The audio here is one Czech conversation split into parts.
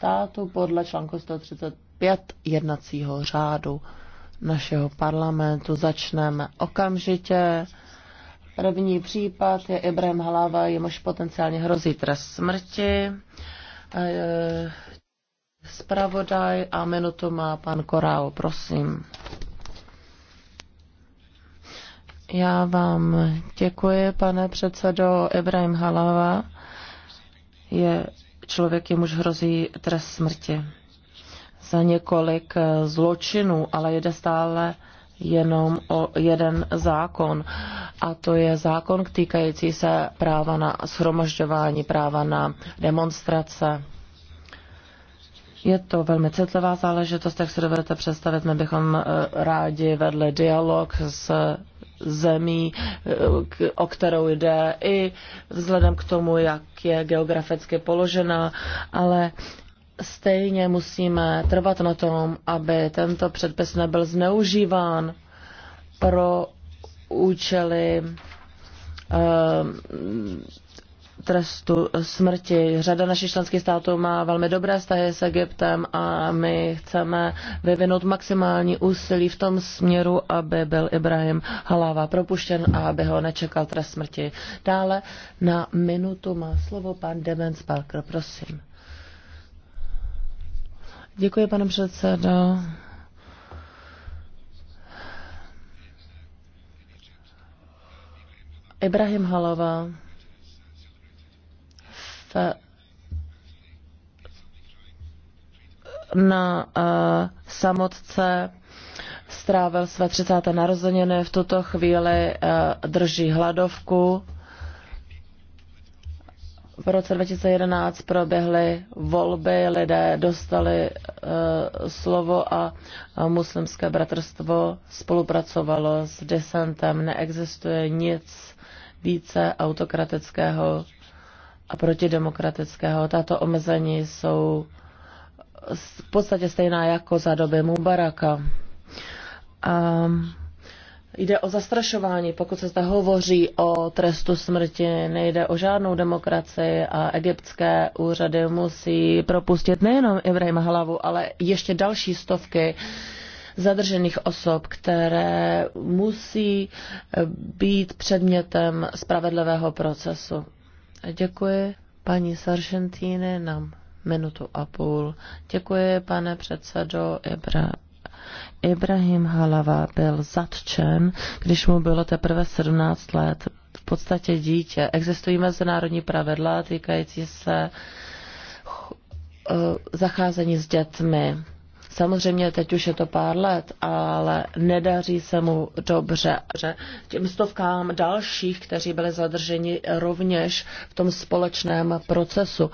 státu podle článku 135 jednacího řádu našeho parlamentu. Začneme okamžitě. První případ je Ibrahim Halava, jemuž potenciálně hrozí trest smrti. Spravodaj a minutu má pan Korao, prosím. Já vám děkuji, pane předsedo Ibrahim Halava. Je člověk, jemuž hrozí trest smrti za několik eh, zločinů, ale jde stále jenom o jeden zákon. A to je zákon týkající se práva na shromažďování, práva na demonstrace. Je to velmi citlivá záležitost, jak se dovedete představit. My bychom eh, rádi vedli dialog s zemí, o kterou jde, i vzhledem k tomu, jak je geograficky položena, ale stejně musíme trvat na tom, aby tento předpis nebyl zneužíván pro účely eh, trestu smrti. Řada našich členských států má velmi dobré vztahy s Egyptem a my chceme vyvinout maximální úsilí v tom směru, aby byl Ibrahim Haláva propuštěn a aby ho nečekal trest smrti. Dále na minutu má slovo pan Demens Parker, prosím. Děkuji, pane předsedo. Ibrahim Halava na eh, samotce strávil své 30. narozeniny, v tuto chvíli eh, drží hladovku. V roce 2011 proběhly volby, lidé dostali eh, slovo a muslimské bratrstvo spolupracovalo s desentem. Neexistuje nic více autokratického a protidemokratického. Tato omezení jsou v podstatě stejná jako za doby Mubaraka. A jde o zastrašování, pokud se zde hovoří o trestu smrti, nejde o žádnou demokracii a egyptské úřady musí propustit nejenom Ibrahima hlavu, ale ještě další stovky zadržených osob, které musí být předmětem spravedlivého procesu. Děkuji paní Sargentini na minutu a půl. Děkuji, pane předsedo Ibra. Ibrahim Halava byl zatčen, když mu bylo teprve 17 let. V podstatě dítě. Existují mezinárodní pravidla týkající se eh, zacházení s dětmi. Samozřejmě teď už je to pár let, ale nedaří se mu dobře. Že těm stovkám dalších, kteří byli zadrženi rovněž v tom společném procesu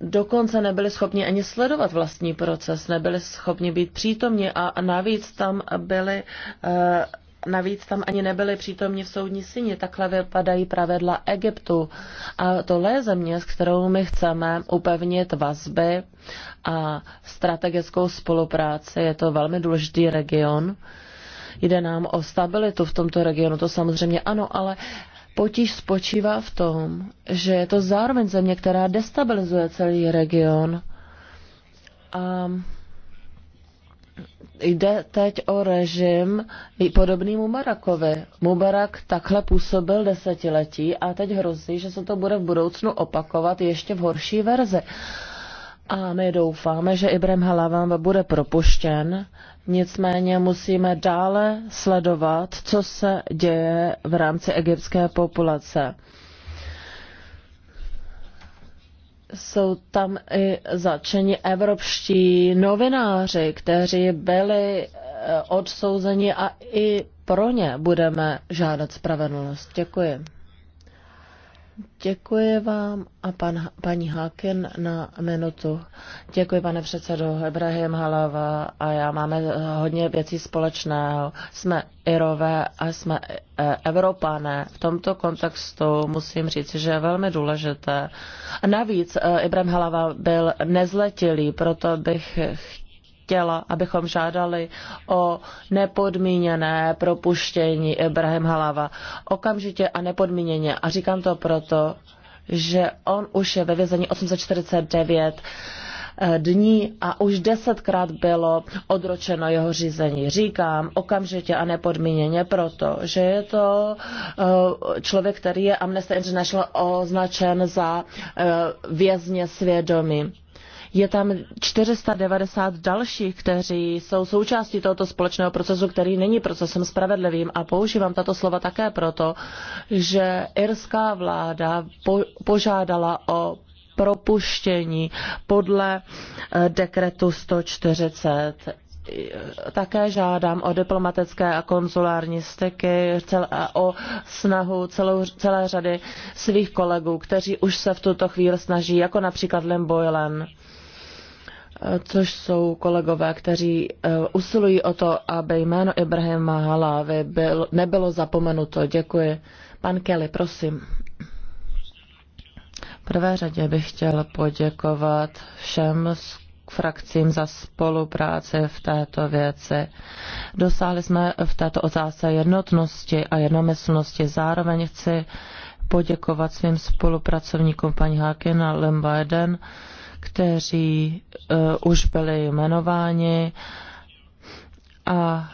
dokonce nebyli schopni ani sledovat vlastní proces, nebyli schopni být přítomni a navíc tam byli eh, navíc tam ani nebyli přítomni v soudní síni, Takhle vypadají pravidla Egyptu. A tohle je země, s kterou my chceme upevnit vazby a strategickou spolupráci. Je to velmi důležitý region. Jde nám o stabilitu v tomto regionu, to samozřejmě ano, ale Potíž spočívá v tom, že je to zároveň země, která destabilizuje celý region. A Jde teď o režim podobný Mubarakovi. Mubarak takhle působil desetiletí a teď hrozí, že se to bude v budoucnu opakovat ještě v horší verzi. A my doufáme, že Ibrahim Halavan bude propuštěn, nicméně musíme dále sledovat, co se děje v rámci egyptské populace jsou tam i začeni evropští novináři, kteří byli eh, odsouzeni a i pro ně budeme žádat spravedlnost. Děkuji. Děkuji vám a pan, paní Háken na minutu. Děkuji, pane předsedo Ibrahim Halava a já máme hodně věcí společného. Jsme Irové a jsme eh, Evropané. V tomto kontextu musím říct, že je velmi důležité. Navíc eh, Ibrahim Halava byl nezletilý, proto bych chtěl chtěla, abychom žádali o nepodmíněné propuštění Ibrahim Halava. Okamžitě a nepodmíněně. A říkám to proto, že on už je ve vězení 849 eh, dní a už desetkrát bylo odročeno jeho řízení. Říkám okamžitě a nepodmíněně proto, že je to eh, člověk, který je Amnesty International označen za eh, vězně svědomí. Je tam 490 dalších, kteří jsou součástí tohoto společného procesu, který není procesem spravedlivým. A používám tato slova také proto, že irská vláda po, požádala o propuštění podle eh, dekretu 140 také žádám o diplomatické a konzulární styky, a eh, o snahu celou, celé řady svých kolegů, kteří už se v tuto chvíli snaží, jako například Lim Boylan což jsou kolegové, kteří eh, usilují o to, aby jméno Ibrahima Halávy byl, nebylo zapomenuto. Děkuji. Pan Kelly, prosím. V prvé řadě bych chtěl poděkovat všem frakcím za spolupráci v této věci. Dosáhli jsme v této otázce jednotnosti a jednomyslnosti. Zároveň chci poděkovat svým spolupracovníkům paní Hákin a Lembaiden, kteří uh, už byli jmenováni a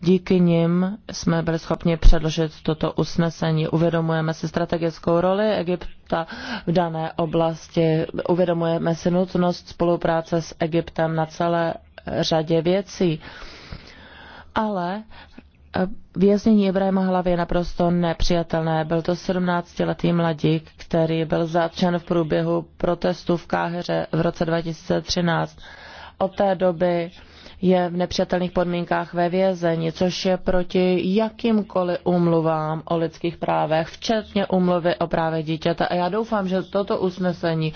díky nim jsme byli schopni předložit toto usnesení. Uvědomujeme si strategickou roli Egypta v dané oblasti, uvědomujeme si nutnost spolupráce s Egyptem na celé řadě věcí. Ale Věznění Ibrahima Hlavy je naprosto nepřijatelné. Byl to 17-letý mladík, který byl zatčen v průběhu protestu v Káheře v roce 2013. Od té doby je v nepřijatelných podmínkách ve vězení, což je proti jakýmkoliv umluvám o lidských právech, včetně umluvy o právě dítěte. A já doufám, že toto usnesení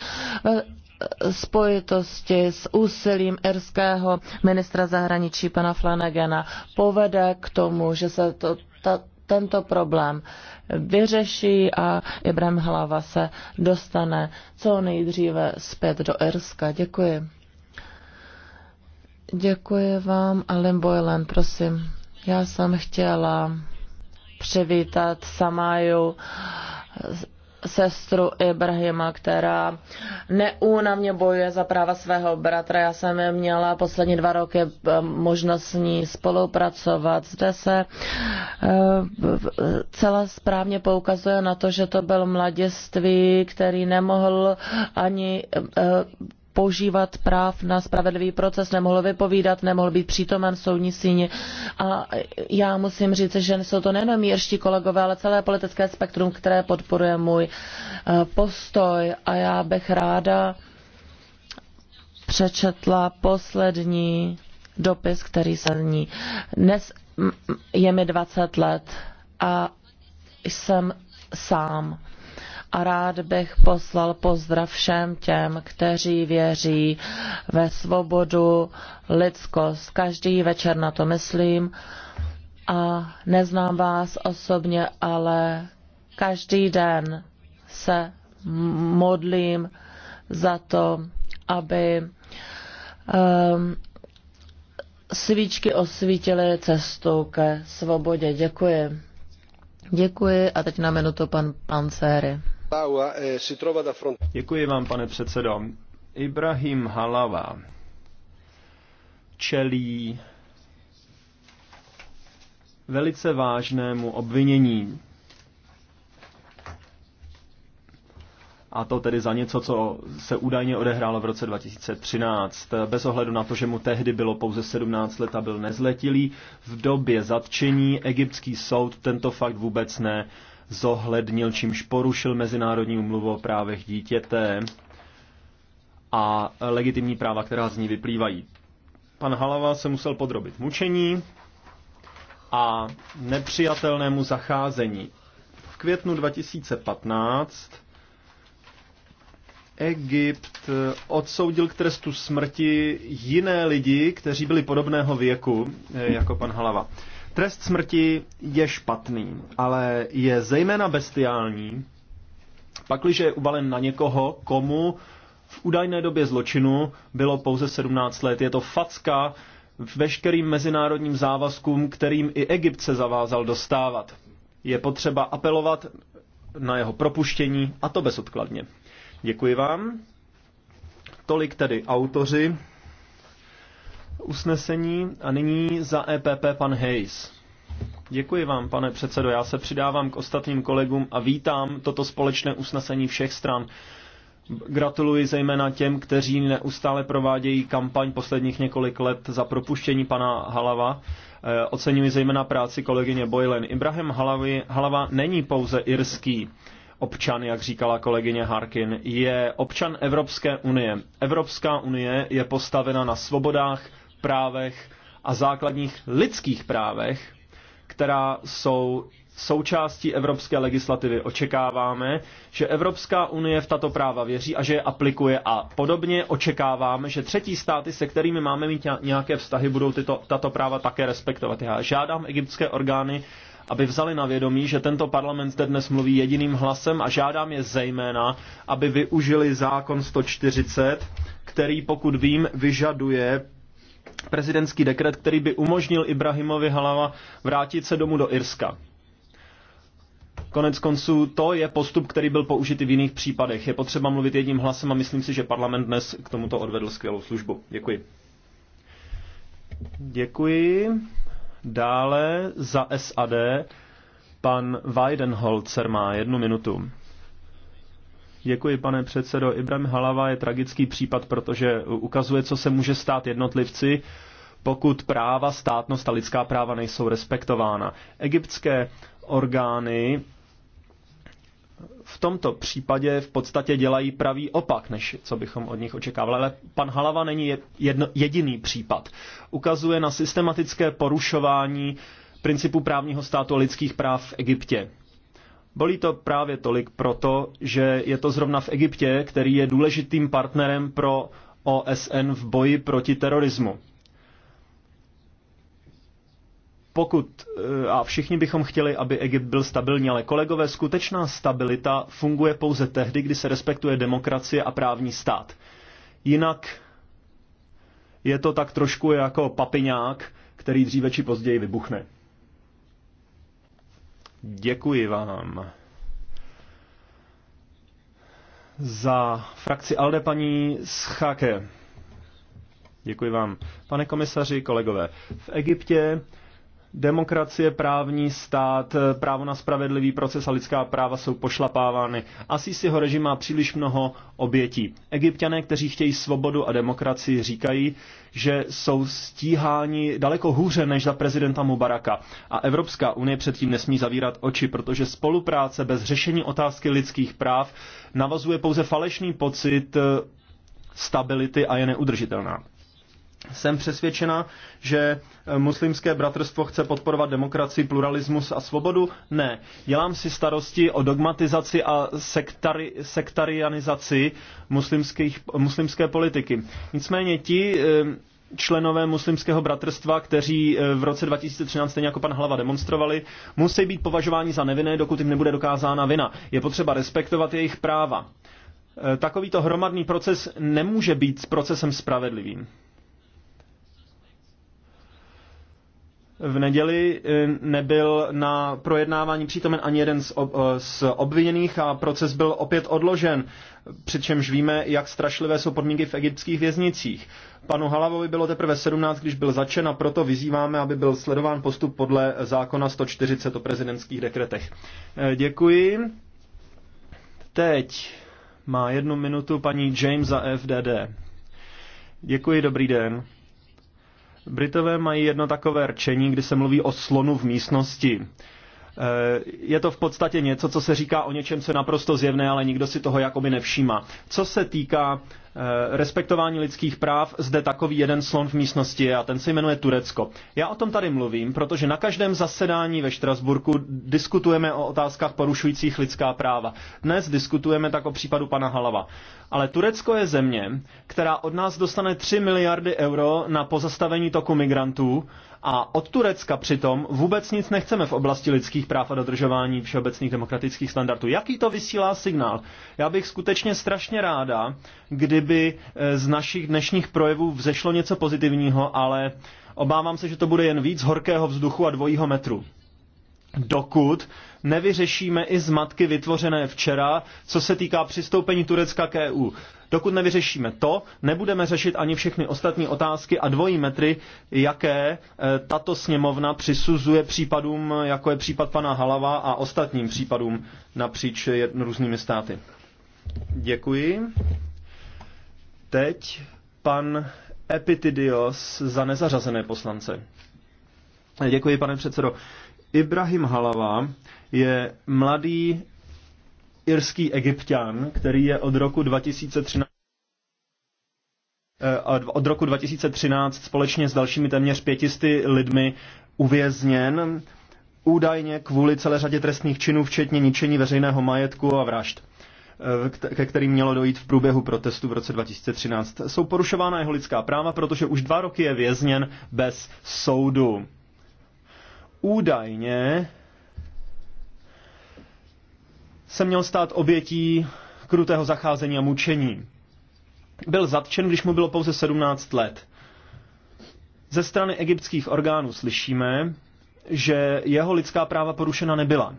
spojitosti s úsilím irského ministra zahraničí pana Flanagana povede k tomu, že se to, ta, tento problém vyřeší a Ibrahim Hlava se dostane co nejdříve zpět do Irska. Děkuji. Děkuji vám, Alan Boylan, prosím. Já jsem chtěla přivítat Samáju sestru Ibrahima, která neúnavně bojuje za práva svého bratra. Já jsem měla poslední dva roky eh, možnost s ní spolupracovat. Zde se eh, celá správně poukazuje na to, že to byl mladiství, který nemohl ani eh, požívat práv na spravedlivý proces, nemohl vypovídat, nemohl být přítomen v soudní síni. A já musím říct, že jsou to nejenom jirští kolegové, ale celé politické spektrum, které podporuje můj eh, postoj. A já bych ráda přečetla poslední dopis, který se ní. Dnes je mi 20 let a jsem sám a rád bych poslal pozdrav všem těm, kteří věří ve svobodu, lidskost. Každý večer na to myslím a neznám vás osobně, ale každý den se modlím za to, aby um, svíčky osvítily cestu ke svobodě. Děkuji. Děkuji a teď na minutu pan Pancéry. Eh, pane předsedající Ibrahim Halawa čelí velice vážnému obvinění. A to tedy za něco, co se údajně odehrálo v roce 2013. Bez ohledu na to, že mu tehdy bylo pouze 17 let a byl nezletilý, v době zatčení egyptský soud tento fakt vůbec ne zohlednil, čímž porušil Mezinárodní umluvu o právech dítěte a legitimní práva, která z ní vyplývají. Pan Halava se musel podrobit mučení a nepřijatelnému zacházení. V květnu 2015 Egypt odsoudil k trestu smrti jiné lidi, kteří byli podobného věku eh, jako pan Halava. Trest smrti je špatný, ale je zejména bestiální, pakliže je uvalen na někoho, komu v údajné době zločinu bylo pouze 17 let. Je to facka veškerým mezinárodním závazkům, kterým i Egypt se zavázal dostávat. Je potřeba apelovat na jeho propuštění a to bezodkladně. Děkuji vám. Tolik tedy autoři usnesení a nyní za EPP pan Hayes. Děkuji vám, pane předsedo. Já se přidávám k ostatním kolegům a vítám toto společné usnesení všech stran. Gratuluji zejména těm, kteří neustále provádějí kampaň posledních několik let za propuštění pana Halava. Eh, oceňuji zejména práci kolegyně Boylen. Ibrahim Halavi, Halava není pouze irský občan, jak říkala kolegyně Harkin, je občan Evropské unie. Evropská unie je postavena na svobodách, právech a základních lidských právech, která jsou součástí evropské legislativy. Očekáváme, že Evropská unie v tato práva věří a že je aplikuje a podobně očekáváme, že třetí státy, se kterými máme mít nějaké vztahy, budou tyto, tato práva také respektovat. Já žádám egyptské orgány, aby vzali na vědomí, že tento parlament zde dnes mluví jediným hlasem a žádám je zejména, aby využili zákon 140, který, pokud vím, vyžaduje prezidentský dekret, který by umožnil Ibrahimovi Halava vrátit se domů do Irska. Konec konců to je postup, který byl použit i v jiných případech. Je potřeba mluvit jedním hlasem a myslím si, že parlament dnes k tomuto odvedl skvělou službu. Děkuji. Děkuji. Dále za SAD pan Weidenholzer má jednu minutu. Děkuji, pane předsedo. Ibrahim Halava je tragický případ, protože ukazuje, co se může stát jednotlivci, pokud práva, státnost a lidská práva nejsou respektována. Egyptské orgány v tomto případě v podstatě dělají pravý opak, než co bychom od nich očekávali. Ale pan Halava není jedno, jediný případ. Ukazuje na systematické porušování principu právního státu a lidských práv v Egyptě. Bolí to právě tolik proto, že je to zrovna v Egyptě, který je důležitým partnerem pro OSN v boji proti terorismu. Pokud eh, a všichni bychom chtěli, aby Egypt byl stabilní, ale kolegové, skutečná stabilita funguje pouze tehdy, kdy se respektuje demokracie a právní stát. Jinak je to tak trošku jako papiňák, který dříve či později vybuchne. Děkuji vám. Za frakci ALDE paní Schake. Děkuji vám. Pane komisaři, kolegové, v Egyptě Demokracie, právní stát, právo na spravedlivý proces a lidská práva jsou pošlapávány. Asi si ho režim má příliš mnoho obětí. Egyptiané, kteří chtějí svobodu a demokracii, říkají, že jsou stíháni daleko hůře než za prezidenta Mubaraka. A Evropská unie předtím nesmí zavírat oči, protože spolupráce bez řešení otázky lidských práv navazuje pouze falešný pocit stability a je neudržitelná. Jsem přesvědčena, že eh, muslimské bratrstvo chce podporovat demokracii, pluralismus a svobodu? Ne. Dělám si starosti o dogmatizaci a sektari, sektarianizaci muslimské politiky. Nicméně ti eh, členové muslimského bratrstva, kteří eh, v roce 2013 stejně jako pan Hlava demonstrovali, musí být považováni za nevinné, dokud jim nebude dokázána vina. Je potřeba respektovat jejich práva. Takovýto hromadný proces nemůže být procesem spravedlivým. v neděli eh, nebyl na projednávání přítomen ani jeden eh, z obviněných a proces byl opět odložen, přičemž víme, jak strašlivé jsou podmínky v egyptských věznicích. Panu Halavovi bylo teprve 17, když byl začen a proto vyzýváme, aby byl sledován postup podle zákona 140 o prezidentských dekretech. Eh, děkuji. Teď má jednu minutu paní James za FDD. Děkuji, dobrý den. Britové mají jedno takové rčení, kdy se mluví o slonu v místnosti. Eh, je to v podstatě něco, co se říká o něčem, co je naprosto zjevné, ale nikdo si toho jakoby nevšíma. Co se týká eh, respektování lidských práv, zde takový jeden slon v místnosti je a ten se jmenuje Turecko. Já o tom tady mluvím, protože na každém zasedání ve Štrasburku diskutujeme o otázkách porušujících lidská práva. Dnes diskutujeme tak o případu pana Halava. Ale Turecko je země, která od nás dostane 3 miliardy euro na pozastavení toku migrantů a od Turecka přitom vůbec nic nechceme v oblasti lidských práv a dodržování všeobecných demokratických standardů. Jaký to vysílá signál? Já bych skutečně strašně ráda, kdyby eh, z našich dnešních projevů vzešlo něco pozitivního, ale obávám se, že to bude jen víc horkého vzduchu a dvojího metru dokud nevyřešíme i zmatky vytvořené včera, co se týká přistoupení Turecka k EU. Dokud nevyřešíme to, nebudeme řešit ani všechny ostatní otázky a dvojí metry, jaké eh, tato sněmovna přisuzuje případům, jako je případ pana Halava a ostatním případům napříč různými státy. Děkuji. Teď pan Epitidios za nezařazené poslance. Děkuji, pane předsedo. Ibrahim Halava je mladý irský egyptian, který je od roku 2013 eh, od roku 2013 společně s dalšími téměř pětisty lidmi uvězněn, údajně kvůli celé řadě trestných činů, včetně ničení veřejného majetku a vražd, eh, ke kterým mělo dojít v průběhu protestu v roce 2013. Jsou porušována jeho lidská práva, protože už dva roky je vězněn bez soudu. Údajně se měl stát obětí krutého zacházení a mučení. Byl zatčen, když mu bylo pouze 17 let. Ze strany egyptských orgánů slyšíme, že jeho lidská práva porušena nebyla.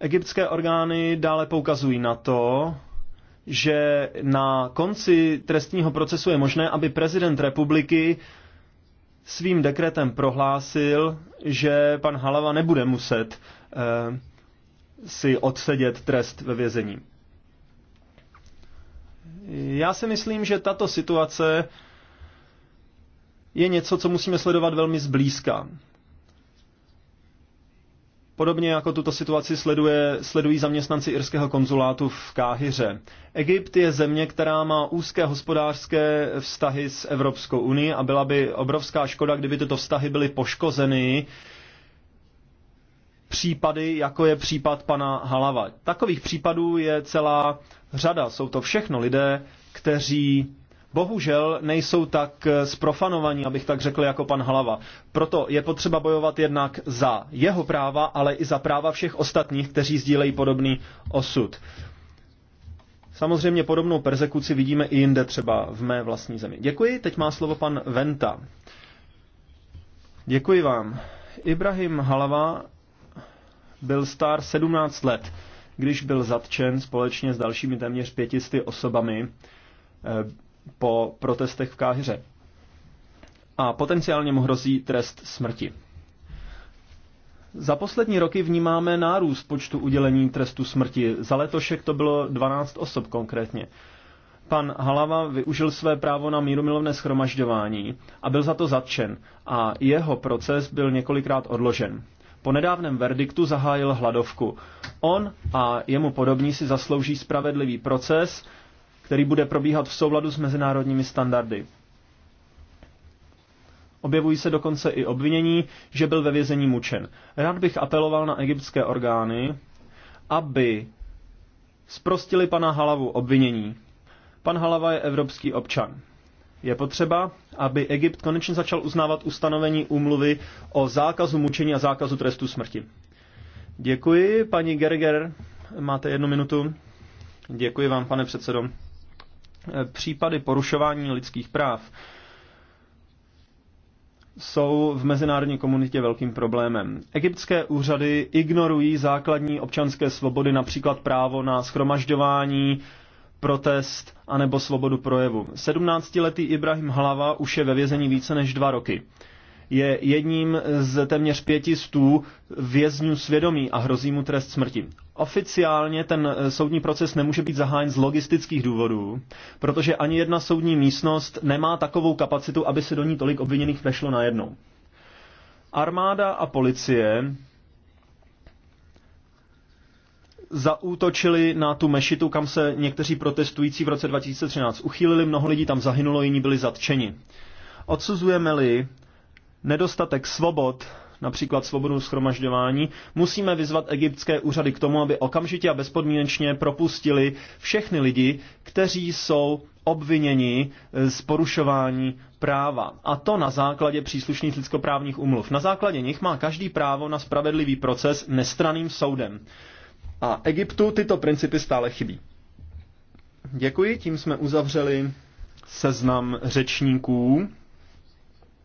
Egyptské orgány dále poukazují na to, že na konci trestního procesu je možné, aby prezident republiky svým dekretem prohlásil, že pan Halava nebude muset eh, si odsedět trest ve vězení. Já si myslím, že tato situace je něco, co musíme sledovat velmi zblízka. Podobně jako tuto situaci sleduje, sledují zaměstnanci irského konzulátu v Káhyře. Egypt je země, která má úzké hospodářské vztahy s Evropskou unii a byla by obrovská škoda, kdyby tyto vztahy byly poškozeny případy, jako je případ pana Halava. Takových případů je celá řada. Jsou to všechno lidé, kteří bohužel nejsou tak sprofanovaní, eh, abych tak řekl, jako pan Hlava. Proto je potřeba bojovat jednak za jeho práva, ale i za práva všech ostatních, kteří sdílejí podobný osud. Samozřejmě podobnou persekuci vidíme i jinde, třeba v mé vlastní zemi. Děkuji, teď má slovo pan Venta. Děkuji vám. Ibrahim Halava byl star 17 let, když byl zatčen společně s dalšími téměř pětisty osobami eh, po protestech v Káhiře. A potenciálně mu hrozí trest smrti. Za poslední roky vnímáme nárůst počtu udělení trestu smrti. Za letošek to bylo 12 osob konkrétně. Pan Halava využil své právo na mírumilovné schromažďování a byl za to zatčen a jeho proces byl několikrát odložen. Po nedávném verdiktu zahájil hladovku. On a jemu podobní si zaslouží spravedlivý proces, který bude probíhat v souladu s mezinárodními standardy. Objevují se dokonce i obvinění, že byl ve vězení mučen. Rád bych apeloval na egyptské orgány, aby sprostili pana Halavu obvinění. Pan Halava je evropský občan. Je potřeba, aby Egypt konečně začal uznávat ustanovení úmluvy o zákazu mučení a zákazu trestu smrti. Děkuji, paní Gerger. Máte jednu minutu. Děkuji vám, pane předsedo případy porušování lidských práv jsou v mezinárodní komunitě velkým problémem. Egyptské úřady ignorují základní občanské svobody, například právo na schromažďování, protest anebo svobodu projevu. 17-letý Ibrahim Hlava už je ve vězení více než dva roky je jedním z téměř pětistů vězňů svědomí a hrozí mu trest smrti. Oficiálně ten eh, soudní proces nemůže být zahájen z logistických důvodů, protože ani jedna soudní místnost nemá takovou kapacitu, aby se do ní tolik obviněných vešlo najednou. Armáda a policie zaútočili na tu mešitu, kam se někteří protestující v roce 2013 uchýlili, mnoho lidí tam zahynulo, jiní byli zatčeni. Odsuzujeme-li nedostatek svobod, například svobodu schromažďování, musíme vyzvat egyptské úřady k tomu, aby okamžitě a bezpodmínečně propustili všechny lidi, kteří jsou obviněni eh, z porušování práva. A to na základě příslušných lidskoprávních umluv. Na základě nich má každý právo na spravedlivý proces nestraným soudem. A Egyptu tyto principy stále chybí. Děkuji, tím jsme uzavřeli seznam řečníků.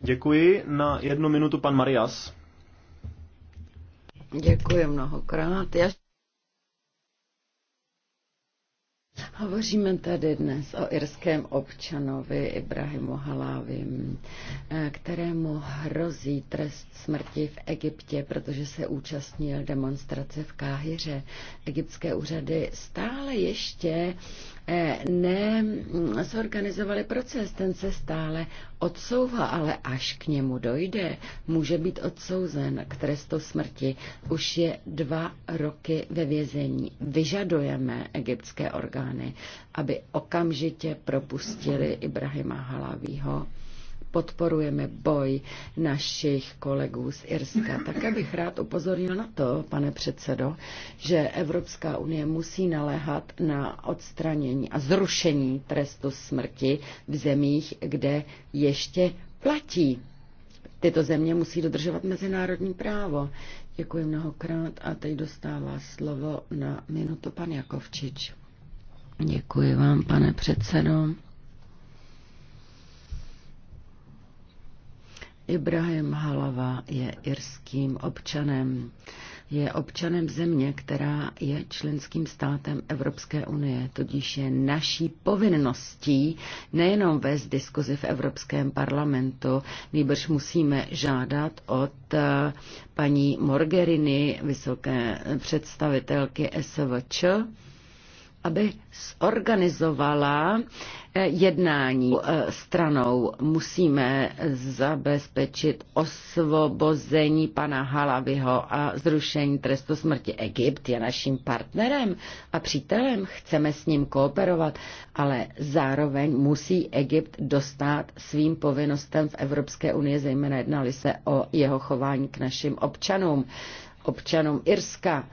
Děkuji. Na jednu minutu pan Marias. Děkuji mnohokrát. Já... Hovoříme tady dnes o irském občanovi Ibrahimu Halávim, eh, kterému hrozí trest smrti v Egyptě, protože se účastnil demonstrace v Káhyře. Egyptské úřady stále ještě Eh, ne mm, zorganizovali proces, ten se stále odsouvá, ale až k němu dojde, může být odsouzen k trestu smrti. Už je dva roky ve vězení. Vyžadujeme egyptské orgány, aby okamžitě propustili Ibrahima Halavího podporujeme boj našich kolegů z Irska. Také bych rád upozornil na to, pane předsedo, že Evropská unie musí naléhat na odstranění a zrušení trestu smrti v zemích, kde ještě platí. Tyto země musí dodržovat mezinárodní právo. Děkuji mnohokrát a teď dostává slovo na minutu pan Jakovčič. Děkuji vám, pane předsedo. Ibrahim Halava je irským občanem. Je občanem země, která je členským státem Evropské unie, tudíž je naší povinností nejenom vést diskuzi v Evropském parlamentu, nýbrž musíme žádat od eh, paní Morgerini, vysoké představitelky SVČ, aby zorganizovala eh, jednání eh, stranou. Musíme zabezpečit osvobození pana Halavyho a zrušení trestu smrti. Egypt je naším partnerem a přítelem, chceme s ním kooperovat, ale zároveň musí Egypt dostat svým povinnostem v Evropské unii, zejména jednali se o jeho chování k našim občanům, občanům Irska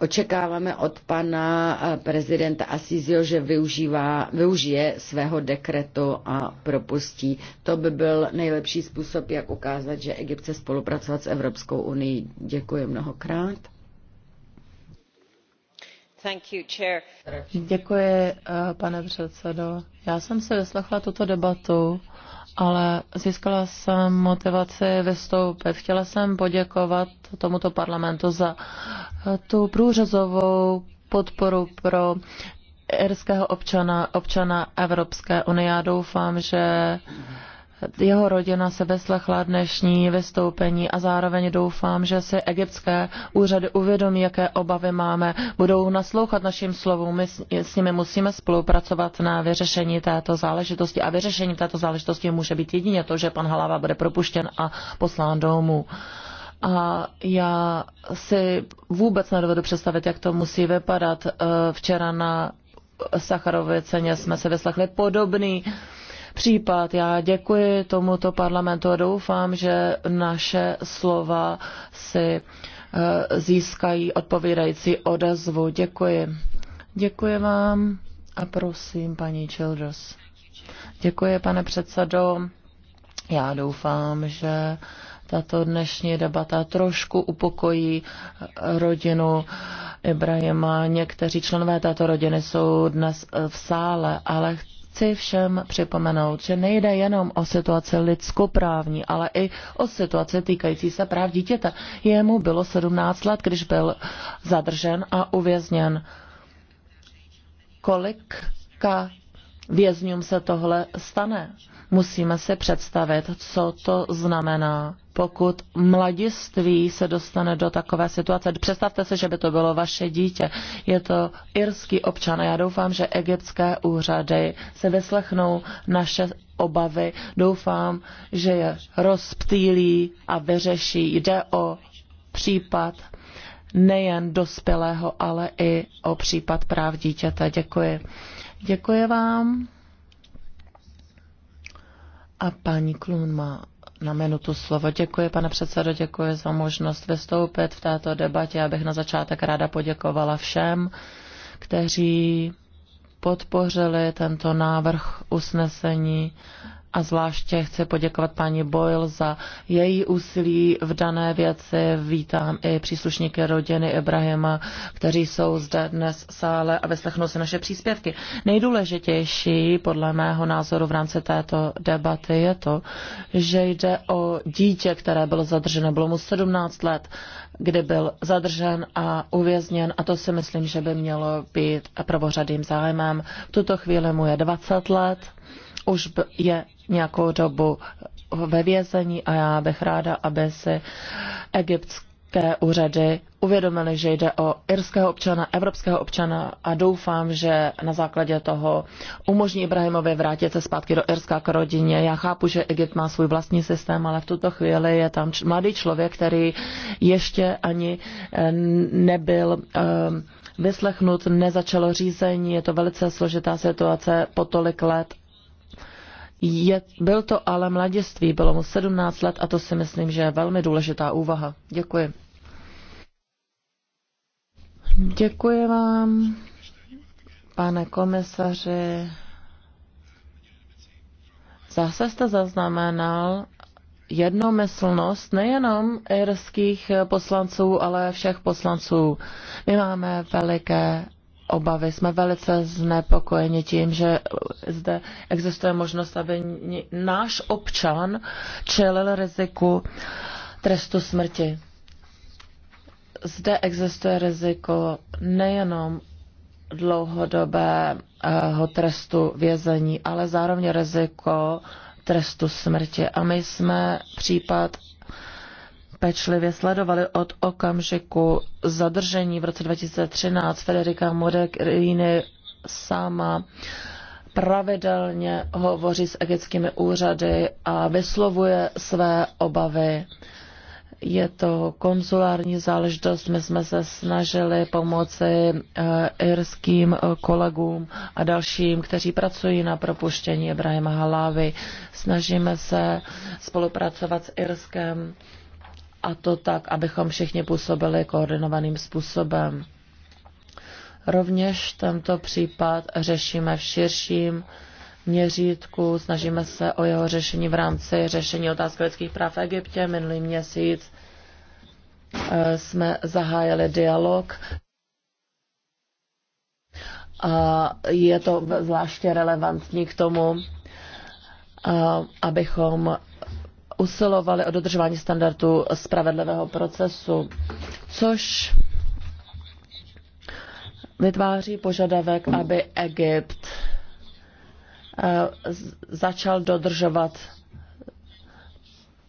Očekáváme od pana eh, prezidenta Asizio, že využívá, využije svého dekretu a propustí. To by byl nejlepší způsob, jak ukázat, že Egypt se spolupracovat s Evropskou unii. Děkuji mnohokrát. Děkuji, eh, pane předsedo. Já jsem se vyslechla tuto debatu ale získala jsem motivaci vystoupit. Chtěla jsem poděkovat tomuto parlamentu za eh, tu průřezovou podporu pro irského občana, občana Evropské unie. Já doufám, že jeho rodina se vyslechla dnešní vystoupení a zároveň doufám, že si egyptské úřady uvědomí, jaké obavy máme, budou naslouchat našim slovům. My s nimi musíme spolupracovat na vyřešení této záležitosti a vyřešení této záležitosti může být jedině to, že pan Halava bude propuštěn a poslán domů. A já si vůbec nedovedu představit, jak to musí vypadat. Eh, včera na Sacharově ceně jsme se vyslechli podobný případ. Já děkuji tomuto parlamentu a doufám, že naše slova si eh, získají odpovídající odezvu. Děkuji. Děkuji vám a prosím, paní Childress. Děkuji, pane předsedo. Já doufám, že tato dnešní debata trošku upokojí eh, rodinu Ibrahima. Někteří členové této rodiny jsou dnes eh, v sále, ale chci chci všem připomenout, že nejde jenom o situaci lidskoprávní, ale i o situaci týkající se práv dítěte. Jemu bylo 17 let, když byl zadržen a uvězněn. Kolika vězňům se tohle stane? Musíme si představit, co to znamená pokud mladiství se dostane do takové situace. Představte se, že by to bylo vaše dítě. Je to irský občan a já doufám, že egyptské úřady se vyslechnou naše obavy. Doufám, že je rozptýlí a vyřeší. Jde o případ nejen dospělého, ale i o případ práv dítěte. Děkuji. Děkuji vám. A paní Klun má na minutu slovo. Děkuji, pane předsedo, děkuji za možnost vystoupit v této debatě. Já bych na začátek ráda poděkovala všem, kteří podpořili tento návrh usnesení a zvláště chci poděkovat paní Boyle za její úsilí v dané věci. Vítám i příslušníky rodiny Ibrahima, kteří jsou zde dnes v sále a vyslechnou si naše příspěvky. Nejdůležitější podle mého názoru v rámci této debaty je to, že jde o dítě, které bylo zadrženo, bylo mu 17 let, kdy byl zadržen a uvězněn a to si myslím, že by mělo být prvořadým zájmem. V tuto chvíli mu je 20 let, už je nějakou dobu ve vězení a já bych ráda, aby se egyptské úřady uvědomili, že jde o irského občana, evropského občana a doufám, že na základě toho umožní Ibrahimovi vrátit se zpátky do Irska k rodině. Já chápu, že Egypt má svůj vlastní systém, ale v tuto chvíli je tam mladý člověk, který ještě ani eh, nebyl eh, vyslechnut, nezačalo řízení, je to velice složitá situace po tolik let je, byl to ale mladiství, bylo mu 17 let a to si myslím, že je velmi důležitá úvaha. Děkuji. Děkuji vám, pane komisaři. Zase jste zaznamenal jednomyslnost nejenom irských poslanců, ale všech poslanců. My máme veliké obavy. Jsme velice znepokojeni tím, že zde existuje možnost, aby náš občan čelil riziku trestu smrti. Zde existuje riziko nejenom dlouhodobého trestu vězení, ale zároveň riziko trestu smrti. A my jsme případ pečlivě sledovali od okamžiku zadržení v roce 2013 Federica Mogherini sama pravidelně hovoří s egyptskými úřady a vyslovuje své obavy. Je to konzulární záležitost, my jsme se snažili pomoci eh, irským eh, kolegům a dalším, kteří pracují na propuštění Ibrahima Halávy. Snažíme se spolupracovat s Irskem a to tak, abychom všichni působili koordinovaným způsobem. Rovněž tento případ řešíme v širším měřítku, snažíme se o jeho řešení v rámci řešení otázky lidských práv v Egyptě. Minulý měsíc eh, jsme zahájili dialog. A je to zvláště relevantní k tomu, eh, abychom usilovali o dodržování standardu spravedlivého procesu, což vytváří požadavek, aby Egypt eh, začal dodržovat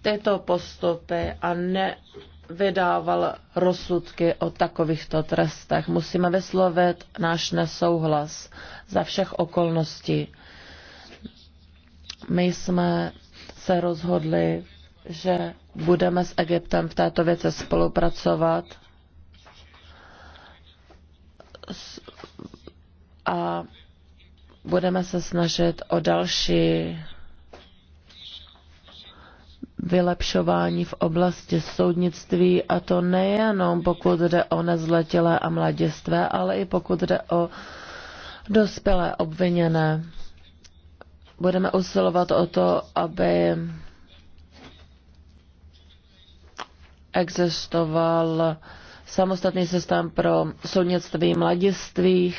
tyto postupy a ne vydával rozsudky o takovýchto trestech. Musíme vyslovit náš nesouhlas za všech okolností. My jsme se rozhodli, že budeme s Egyptem v této věci spolupracovat a budeme se snažit o další vylepšování v oblasti soudnictví a to nejenom pokud jde o nezletilé a mladistvé, ale i pokud jde o dospělé obviněné budeme usilovat o to, aby existoval samostatný systém pro soudnictví mladistvých.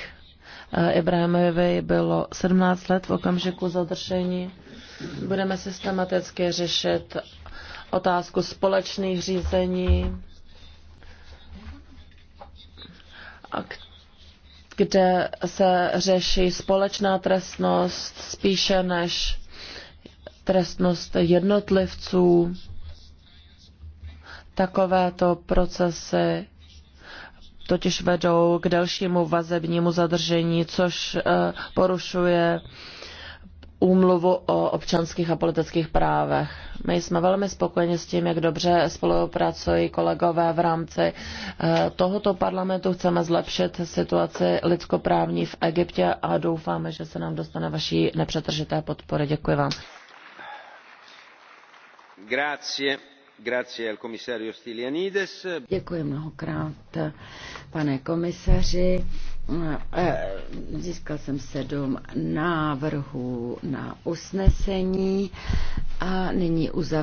Eh, Ibrahimovi bylo 17 let v okamžiku zadržení. Budeme systematicky řešit otázku společných řízení, kde se řeší společná trestnost spíše než trestnost jednotlivců. Takovéto procesy totiž vedou k dalšímu vazebnímu zadržení, což eh, porušuje úmluvu o občanských a politických právech. My jsme velmi spokojeni s tím, jak dobře spolupracují kolegové v rámci eh, tohoto parlamentu. Chceme zlepšit situaci lidskoprávní v Egyptě a doufáme, že se nám dostane vaší nepřetržité podpory. Děkuji vám. Grazie. Děkuji mnohokrát, pane komisaři. Eh, získal jsem sedm návrhů na usnesení a nyní uzavírám.